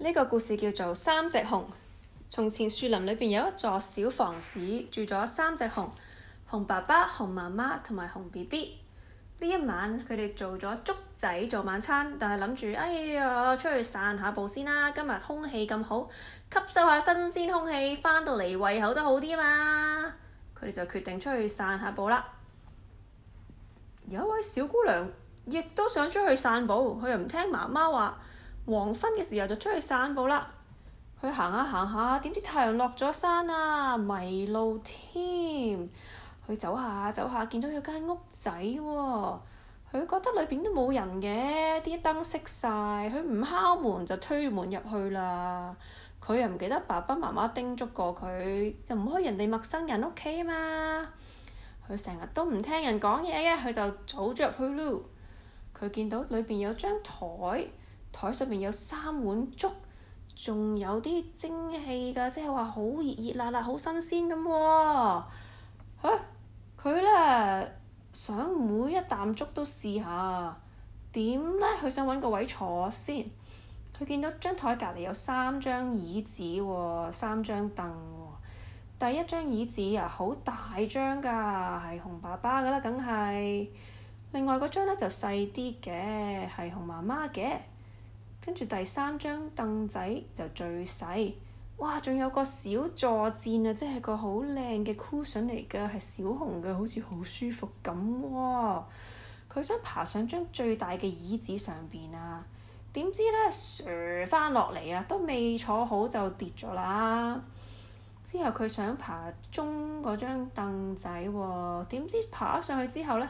呢個故事叫做三隻《三隻熊》。從前樹林裏邊有一座小房子，住咗三隻熊：熊爸爸、熊媽媽同埋熊 B B。呢一晚佢哋做咗竹仔做晚餐，但係諗住：哎呀，出去散下步先啦！今日空氣咁好，吸收下新鮮空氣，返到嚟胃口都好啲嘛。佢哋就決定出去散下步啦。有一位小姑娘亦都想出去散步，佢又唔聽媽媽話。黃昏嘅時候就出去散步啦，去行下行下，點知太陽落咗山啦，迷路添。佢走下走下，見到有間屋仔喎、哦，佢覺得裏邊都冇人嘅，啲燈熄晒。佢唔敲門就推門入去啦。佢又唔記得爸爸媽媽叮囑過佢，就唔去人哋陌生人屋企啊嘛。佢成日都唔聽人講嘢嘅，佢就走咗入去嚕。佢見到裏邊有張台。台上面有三碗粥，仲有啲蒸氣㗎，即係話好熱熱辣辣，好新鮮咁、哦。佢佢呢想每一啖粥都試下，點呢？佢想揾個位坐先。佢見到張台隔離有三張椅子喎、哦，三張凳喎、哦。第一張椅子啊，好大張㗎，係熊爸爸㗎啦，梗係。另外嗰張呢就細啲嘅，係熊媽媽嘅。跟住第三張凳仔就最細，哇！仲有個小坐墊啊，即係個好靚嘅箍 u 嚟㗎，係小紅嘅，好似好舒服咁喎、哦。佢想爬上張最大嘅椅子上邊啊，點知咧，瀡翻落嚟啊，都未坐好就跌咗啦。之後佢想爬中嗰張凳仔喎，點知爬上去之後呢。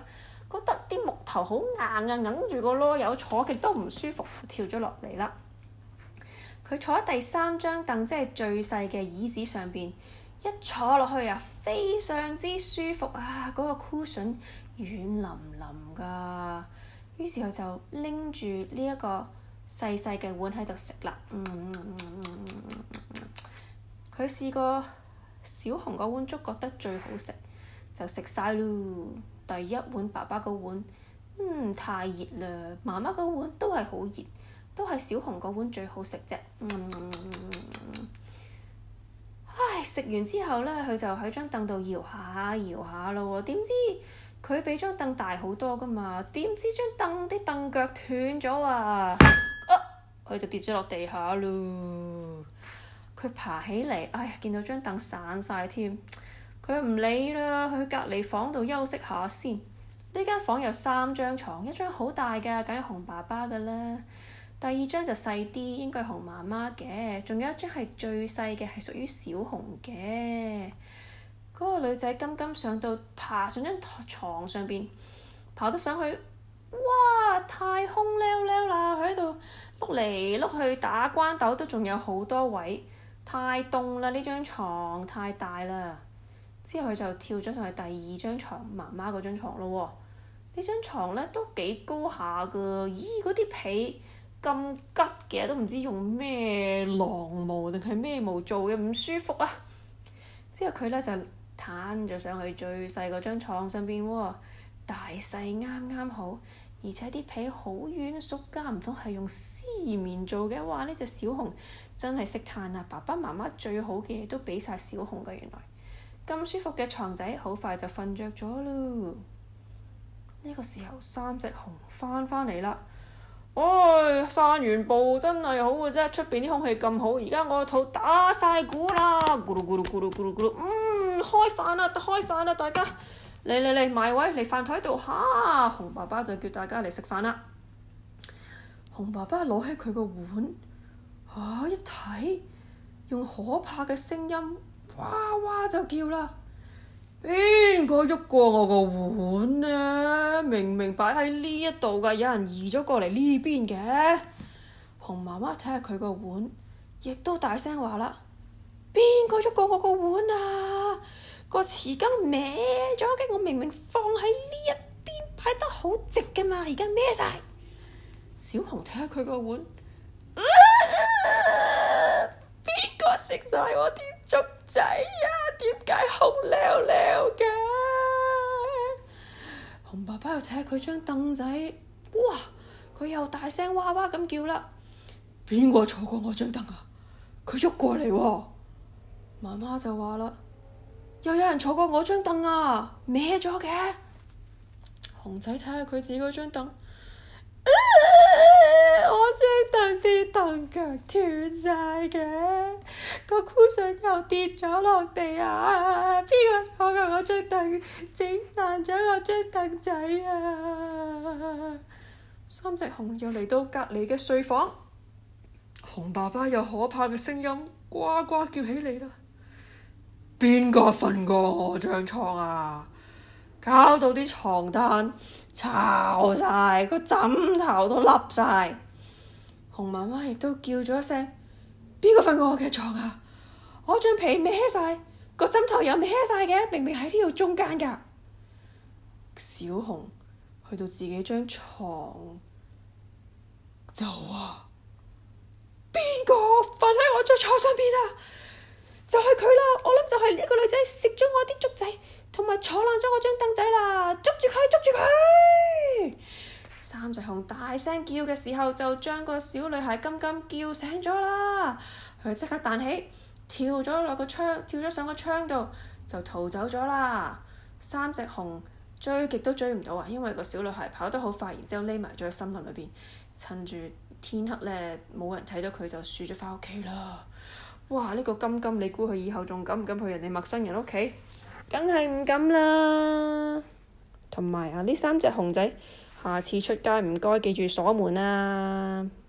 覺得啲木頭好硬啊，揞住個籮柚坐極都唔舒服，跳咗落嚟啦。佢坐喺第三張凳，即係最細嘅椅子上邊，一坐落去啊，非常之舒服啊！嗰、那個 cushion 軟腍腍㗎。於是佢就拎住呢一個細細嘅碗喺度食啦。嗯佢、嗯嗯嗯嗯、試過小紅個碗粥，覺得最好食，就食晒咯。第一碗爸爸個碗，嗯，太熱啦。媽媽個碗都係好熱，都係小紅個碗最好食啫、嗯。唉，食完之後呢，佢就喺張凳度搖下搖下咯喎。點知佢比張凳大好多噶嘛？點知張凳啲凳腳斷咗啊！啊，佢就跌咗落地下咯。佢爬起嚟，唉，見到張凳散晒添。佢唔理啦，去隔離房度休息下先。呢間房有三張床，一張好大嘅，梗係熊爸爸嘅啦。第二張就細啲，應該係熊媽媽嘅。仲有一張係最細嘅，係屬於小熊嘅。嗰、那個女仔今今上到爬上張床上邊，爬得上去，哇！太空溜溜啦，佢喺度碌嚟碌去打關鬥都仲有好多位，太凍啦！呢張床太大啦。之後佢就跳咗上去第二張床，媽媽嗰張牀咯喎，呢張床咧、哦、都幾高下㗎，咦嗰啲被咁吉嘅，都唔知用咩狼毛定係咩毛做嘅，唔舒服啊！之後佢咧就攤咗上去最細嗰張牀身邊喎，大細啱啱好，而且啲被好軟縮，縮肩唔通係用絲綿做嘅話，呢隻小熊真係識攤啊！爸爸媽媽最好嘅嘢都俾晒小熊㗎，原來。咁舒服嘅床仔，好快就瞓着咗咯。呢個時候，三隻熊翻返嚟啦。唉，散完步真係好嘅啫，出邊啲空氣咁好。而家我個肚打晒鼓啦，咕嚕咕嚕咕嚕咕嚕咕嚕，嗯，開飯啦，開飯啦，大家嚟嚟嚟埋位嚟飯台度嚇。熊爸爸就叫大家嚟食飯啦。熊爸爸攞起佢個碗嚇一睇，用可怕嘅聲音。哇哇就叫啦！邊個喐過我個碗呢？明明擺喺呢一度㗎，有人移咗過嚟呢邊嘅。熊媽媽睇下佢個碗，亦都大聲話啦：邊個喐過我個碗啊？個匙羹歪咗嘅，我明明放喺呢一邊擺得好直㗎嘛，而家歪晒！」小熊睇下佢個碗，邊個食晒我啲？竹仔呀、啊，點解空溜溜嘅？熊爸爸又睇下佢張凳仔，哇！佢又大聲哇哇咁叫啦。邊個坐過我張凳啊？佢喐過嚟喎、哦。媽媽就話啦，又有人坐過我張凳啊，歪咗嘅。熊仔睇下佢自己嗰張凳。我張凳啲凳腳斷晒嘅，個箍繩又跌咗落地啊。邊個坐嘅我張凳整爛咗我張凳仔啊！三隻熊又嚟到隔籬嘅睡房，熊爸爸有可怕嘅聲音呱呱叫起嚟啦！邊個瞓過我張床啊？搞到啲床單巢晒，個枕頭都凹晒。熊媽媽亦都叫咗一聲：邊個瞓過我嘅床啊？我張被未掀晒，個枕頭又未掀晒嘅，明明喺呢度中間㗎。小熊去到自己張床，就話、啊：邊個瞓喺我張床上邊啊？就係佢啦！我諗就係呢個女仔食咗我啲竹仔，同埋坐爛咗我張凳仔啦！捉住佢，捉住佢！三隻熊大聲叫嘅時候，就將個小女孩金金叫醒咗啦。佢即刻彈起，跳咗落個窗，跳咗上個窗度就逃走咗啦。三隻熊追極都追唔到啊，因為個小女孩跑得好快，然之後匿埋咗喺森林裏邊，趁住天黑呢，冇人睇到佢，就竄咗翻屋企啦。哇！呢個金金，你估佢以後仲敢唔敢去人哋陌生人屋企？梗係唔敢啦。同埋啊，呢三隻熊仔。下次出街唔該記住鎖門啦，啊、～